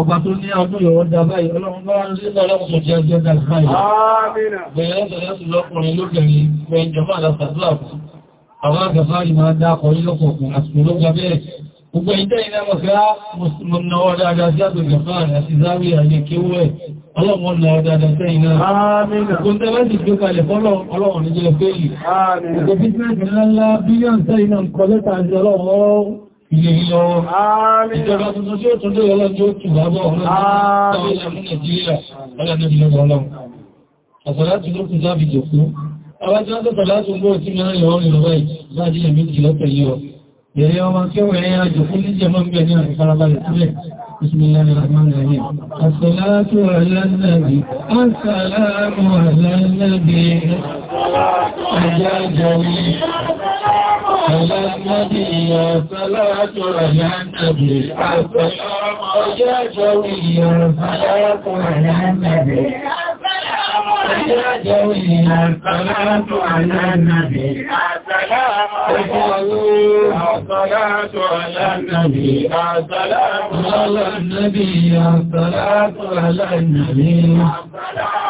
ọba tó ní ọdún yọ̀wọ́ dá báyìí ọlọ́run bá ń sílẹ̀ ọlọ́run tó jẹ́ jẹ́ dá báyìí bẹ̀rẹ̀ lọ́sọ̀rọ̀ lọ́kùnrin lóbìnrin pẹ̀lú ìjọba àlọ́sàdúrà fún àwọn àgbàfà ìmọ̀ dákọ̀ nílọ́kọ̀ọ̀kùn àti olóògbà bẹ́ẹ̀ gbogbo ìdá ìdá mọ̀ká mọ̀nà ọ̀dá àdájá àgbègbèfà àti záwí àyè kíwẹ́ ọlọ́run ọ̀nà ọ̀dá àdájá iná ọkùn tẹ́lẹ̀ ti ilé ìjọba tuntun tí ó tún lé ọlọ́jọ́ tùgbàbọ̀ ọlọ́jọ́ Yẹ̀rẹ̀ ọmọ kẹwẹ̀ ẹ̀yà jùkú ní jẹ mọ́m bẹ̀rẹ̀ àti farabalẹ̀ sílẹ̀, Bismillahir Rahmanir Rahim. As-salatu ala nabi, as-salamu ala nabi, as-salatu ala nabi, الذي صلاة على النبي حق ويا جوي صلاة على النبي يا جوي الصلاة على النبي السلام الصلاة على النبي السلام على النبي الصلاة على النبي السلام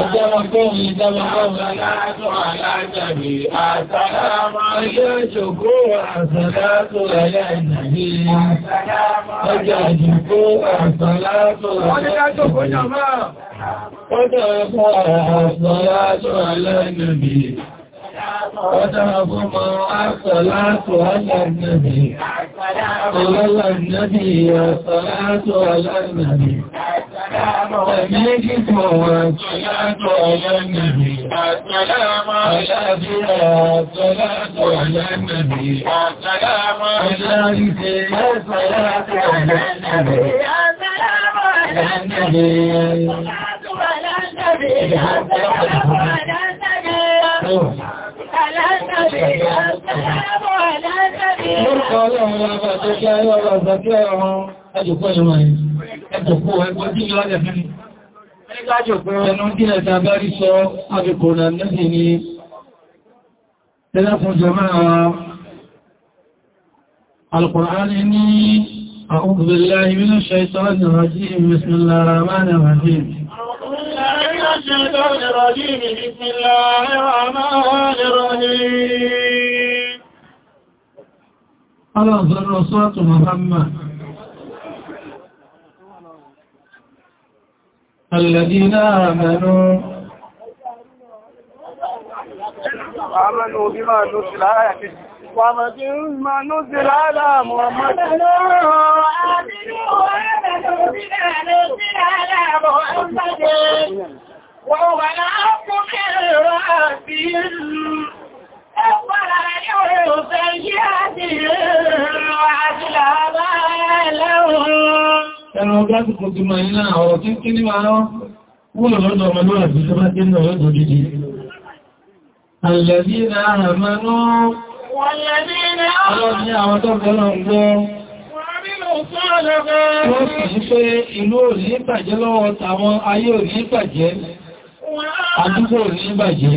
جمع قوم جمع قوم صلاة على النبي السلام عليك شكوع صلاة على النبي السلام عليك شكوع صلاة على النبي الصلاة على النبي وتهضم الصلاة على النبي صلى النبي الصلاة على النبي Lórúkọ ọlọ́run ọba tó kí ayọ́ ọba tó kí ọmọ ẹjùkọ́ ìwọ̀n yìí jòkó ẹgbọ́ tí yọ́ jẹ́ fún ni ẹgbá jòkó ẹnu tí ẹ̀ta bá rí sọ àbìkòrò lẹ́sìn ni tẹ́lẹ́fún jọmọ́ alkùnrin ní أعوذ بالله من الشيطان الرجيم بسم الله الرحمن الرحيم الشيطان الرجيم بسم الله الرحمن الرحيم على ذرة صوت محمد الذين آمنوا آمنوا بما نزل على وما نزل على محمد آمنوا آمنوا بما نزل على محمد وهو الحق من ربهم أولا يروا سيئاتهم وعدل ما لهم ẹran ọgbásí kò ti máa nílá ọ̀rọ̀ tí kí ní máa wọ́n lọ́dọ̀ ọmọlúwàbí tó bá tí náà lọ́dọ̀ dídí alẹ́bí náà mẹ́nu ọlọ́dún àwọn tó gbọ́nà gbọ́ wọ́n sì ń pé ìlú ò ní bàjẹ́ lọ́wọ́ tàwọn ayé ò ní bàjẹ́ àdúgbò ò ní bàjẹ́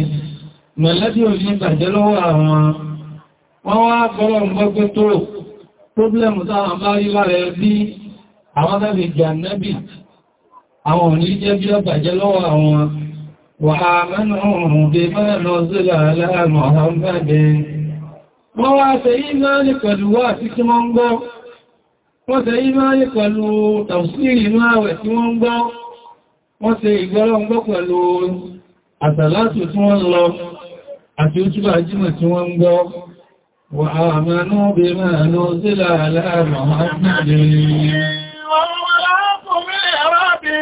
mẹ̀lẹ́bí ò ní bàjẹ́ lọ́wọ́ àwọn wọ́n wá gbọ́nà gbọ́gbẹ́ tó problem táwọn bá rí lára ẹbí àwọn tàbí jàndàbì àwọn òní jẹ́ bí ọgbàjẹ́ lọ́wọ́ àwọn wà mẹ́nu ọ̀rùn bí mẹ́rọ zílà aláàmù ọ̀hánbẹ́dẹ̀ wọ́n wá tẹ ìmáni pẹ̀lú wà tí tí wọ́n gbọ́ wọ́n tẹ ìmáni pẹ̀lú tàùsírì máwẹ̀ tí wọ́n gbọ́ wọ́n tẹ ìgbọ́lọ́gbọ́ pẹ̀lú àtàlátù tí wọ́n lọ àti ojúbà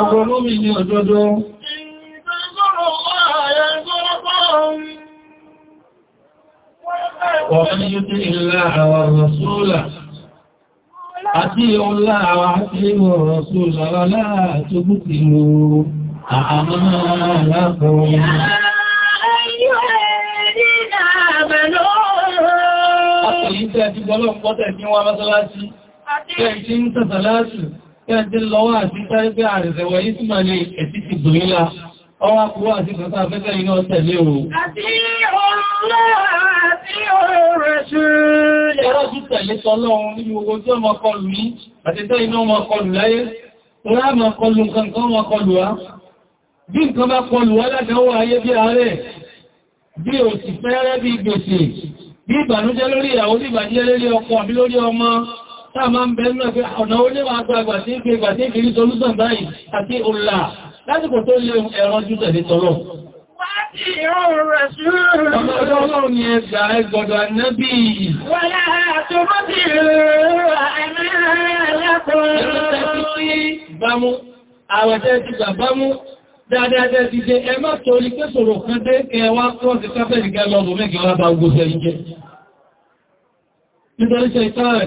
Ọgbọ̀n lómi ni òdodo. Wọ̀n yúti ilá àwọn rọ̀súlà. àwọn àtíwọ̀ ti lò àmọ́ alákọ̀ọ́yà. Àti ìjẹ́ ti tẹ́ ìjẹ́ ń tàtàlásì ẹ̀ẹ́dẹ́ lọ́wọ́ àti sáré pé àrẹ̀sẹ̀wọ̀ yìí túnmà ní ẹ̀sí ti bò nílá ọwá kúrò àti kàtà afẹ́fẹ́ iná tẹ̀lé o àti ọ̀rọ̀ rẹ̀ ṣe ẹ̀rọ tún tẹ̀lé tọ́lọ́run nínú owó tí ọmọ kọlù ní àtẹ́tẹ́ iná ọmọ kọlù láyé ọlá ọmọ kọlù nǹkan kan ọmọ kọlù wá bí nǹkan bá kọlù wá ládánwò ayé bí ààrẹ o sì fẹ́rẹ́ bí gbèsè bí ìbànújẹ́ lórí ìyàwó bí ìbànújẹ́ lórí ọkọ táà máa ń bẹ̀rẹ̀ náà pé ọ̀nà oníwà agbàgbà tí ń fi ìgbà tí ń solúsàn báyìí àti òlà lásìkò tó lé ẹ̀rọ jù tẹ̀lé tọ́lọ̀. Dáadáa jẹ́ ti ṣe ẹmọ́ torí pé sòrò kan dé kẹwa kọ́ ti kápẹ́ ìgá lọ́gbọ̀n mẹ́gbẹ̀ẹ́ wá bá ogbó ṣe ń jẹ́. Nítorí ṣe ìtàrẹ̀,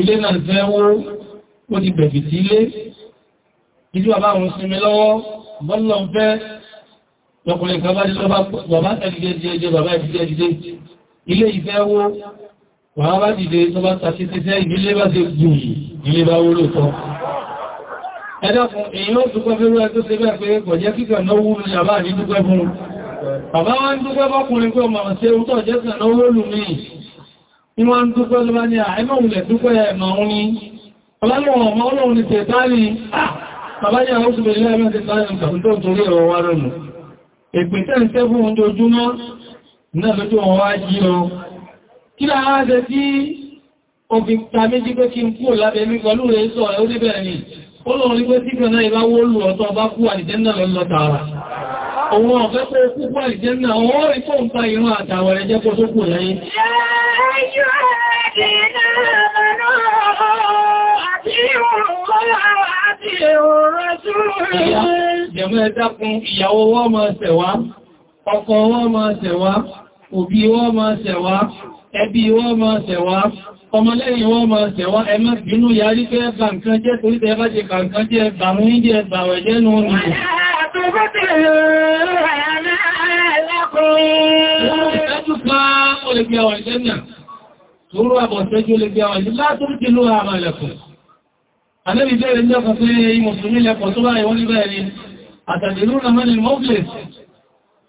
ilé náà fẹ́ wó ó ti bẹ̀bì sí ilé ìjú bàbá àwọn sinmi lọ́wọ́ bọ́lọ̀ ń fẹ́ lọ́kùnrin kan bá dílọ́bá bàbá tẹ́lẹ̀dẹ́dẹ́ bàbá ìdíjẹ́ ilé ìfẹ́ wó wàá bá dìde tó bá tàbí tẹ́tẹ́ ìdílé bá ṣe gùn ilé bá wó lóòtọ́ ẹ̀dọ́kùn èyí ó dúpẹ́ fẹ́rú ẹ tó ṣe bẹ́ẹ̀ pé kò jẹ́ kíkà náwó ní àbá àdídúpẹ́ fún bàbá wá ń dúpẹ́ bọ́kùnrin pé ọmọ àwọn ṣe ń tọ́ jẹ́ ní ń dúpẹ́ lọ́wọ́ ní àìmọ̀ ah, òunlẹ̀ dúpẹ́ ẹ̀mọ̀ òun ọlọ́lọ́wọ́ ọlọ́run ni tẹ̀tánì àbáyà oṣù bèèrè òun ọ̀fẹ́ pé ó kú náà wọ́n rí fóun pa ìran àtàwọ̀ rẹ̀ jẹ́ tó kù lẹ́yìn الذين آمنوا أطيعوا الله وأطيعوا الرسول jẹ̀mọ́ ẹ̀dákun ìyàwó wọ́n máa ṣẹ̀wá ọkọ wọ́n máa ṣẹ̀wá òbí wọ́n máa ṣẹ̀wá ẹbí wọ́n máa ṣẹ̀wá ọmọlẹ́yìn wọ́n máa ṣẹ̀wá ẹmọ́ bínú yarí pé ẹgbà nǹkan jẹ́ torí tẹ́ bá ṣe kàǹkan jẹ́ ẹgbà mú ní jẹ́ ẹgbà rẹ̀ jẹ́ nù ní ọdún Orú àbọ̀sẹ́jú lè gbé àwọn ìlú látúrú ti ló àmà ilẹ̀kùn. Àlébì bẹ́rẹ̀ ní ọkọ̀ sí ìmùsùlùmí lẹ́pọ̀ tó bá ìwọ́n níbẹ̀ ni, àtàdìlú na mẹ́lì mọ́flẹ̀s.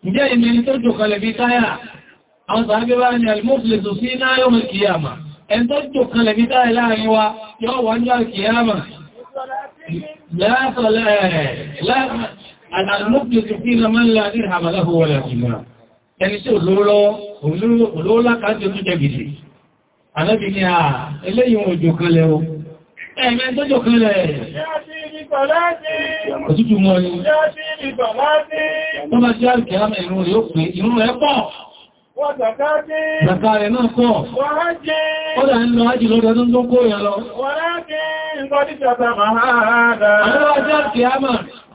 Ǹjẹ́ ìmìnì tó jòkalẹ̀ bí táyà, àwọn sàábé bá ní alìmọ́flẹ̀s sí náà yóò mẹ́ kìíyàmà. Ẹn tó jòkalẹ̀ bí táyà láàrin wa, yóò wà ní alìkìíyàmà. Lẹ́ẹ̀sọ̀lẹ́ Àlẹ́bì ni à eléyìn òjò kan lẹ́rọ. Ẹ̀mẹ́ tó jò kan lẹ̀. Òtútù mọ́ ni. Tó bá jẹ́ àrùkẹ́ àmà ìrún rẹ̀ ó pè ìrún rẹ̀ pọ̀. Bàtà rẹ̀ náà pọ̀. Ó dà ń lọ ájì lọ́dọ̀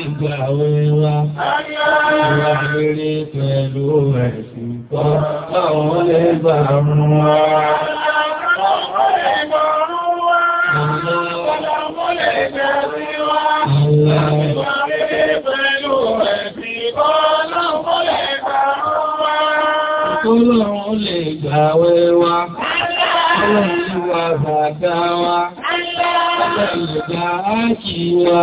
ìgbà wíwá. Ìwà rere pẹ̀lú ẹ̀sìn kọ́, àwọn lè bá rún wá. Àwọn rere pẹ̀lú ẹ̀sìn kọ́, àwọn lè bá rún wá. Ọlọ́run lè gbà wẹ́wá. Ọlọ́run lè wà bàbá wa. Ọlọ́run lè gbà ákì wa.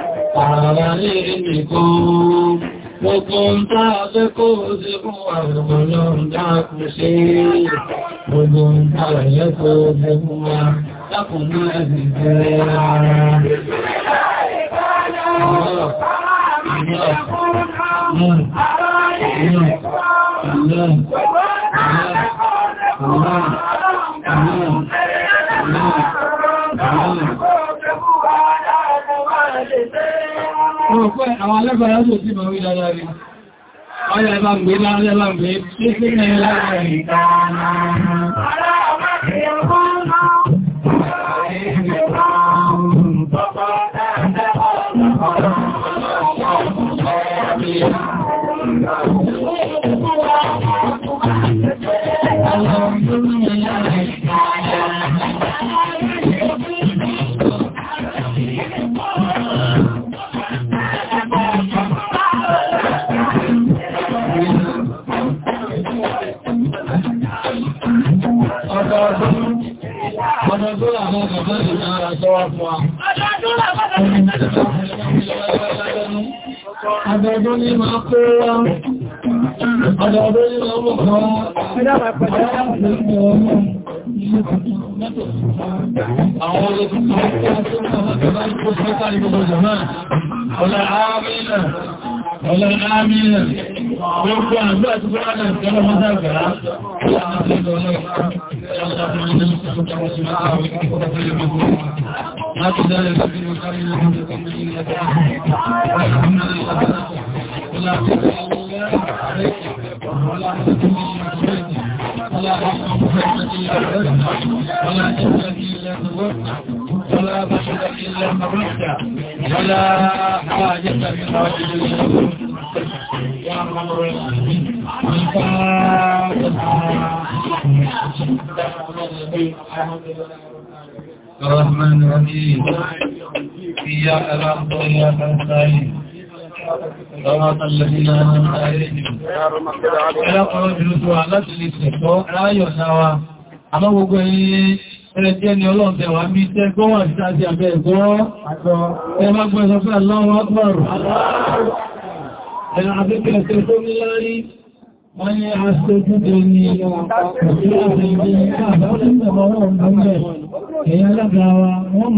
Ààrà lè rí kó ń tá fẹ́ kó sí fún àwọn ọlọ́ndá kò ṣe gbogbo ń tá rẹ̀ kó sí fún wa lákùn ní ẹ̀sìn tẹ́rẹ ara. Allah, Allah, Allah, Allah. àwọn alágbàrá tó ti bọ̀ wí dáadáa rí. Ọlẹ́bàmgbé láàrẹ́bàmgbé, ṣé sí ẹ̀yẹ láàrin ìta náà. ولا عاملة ولا عاملة ويبقى بقى سبحانه كما مذاكرة لا تزال في الكريم الحمد لله ولا ولا بشر إلا من رشد ولا حاجة من رجل يا عمر الرحمن الرحيم إياك نعبد وإياك نستعين صراط الذين أنعمت عليهم ولا قرجلت ولا تلسك رايو سوا àmọ́ gbogbo ẹ̀yìn ẹ̀rẹ̀ tí ẹni ọlọ́run tẹ wà bí tẹ́ gọ́wà sí àti àbẹ́ ẹ̀gọ́ ẹ̀mà gbọ́ẹ̀sọ fún aláwọ̀ ọgbọ̀rù ẹ̀rọ àbẹ́kẹ̀ẹ́ tẹ́ tó ní lárí wọ́n ní aṣojú tẹ́ ní ọ̀pọ̀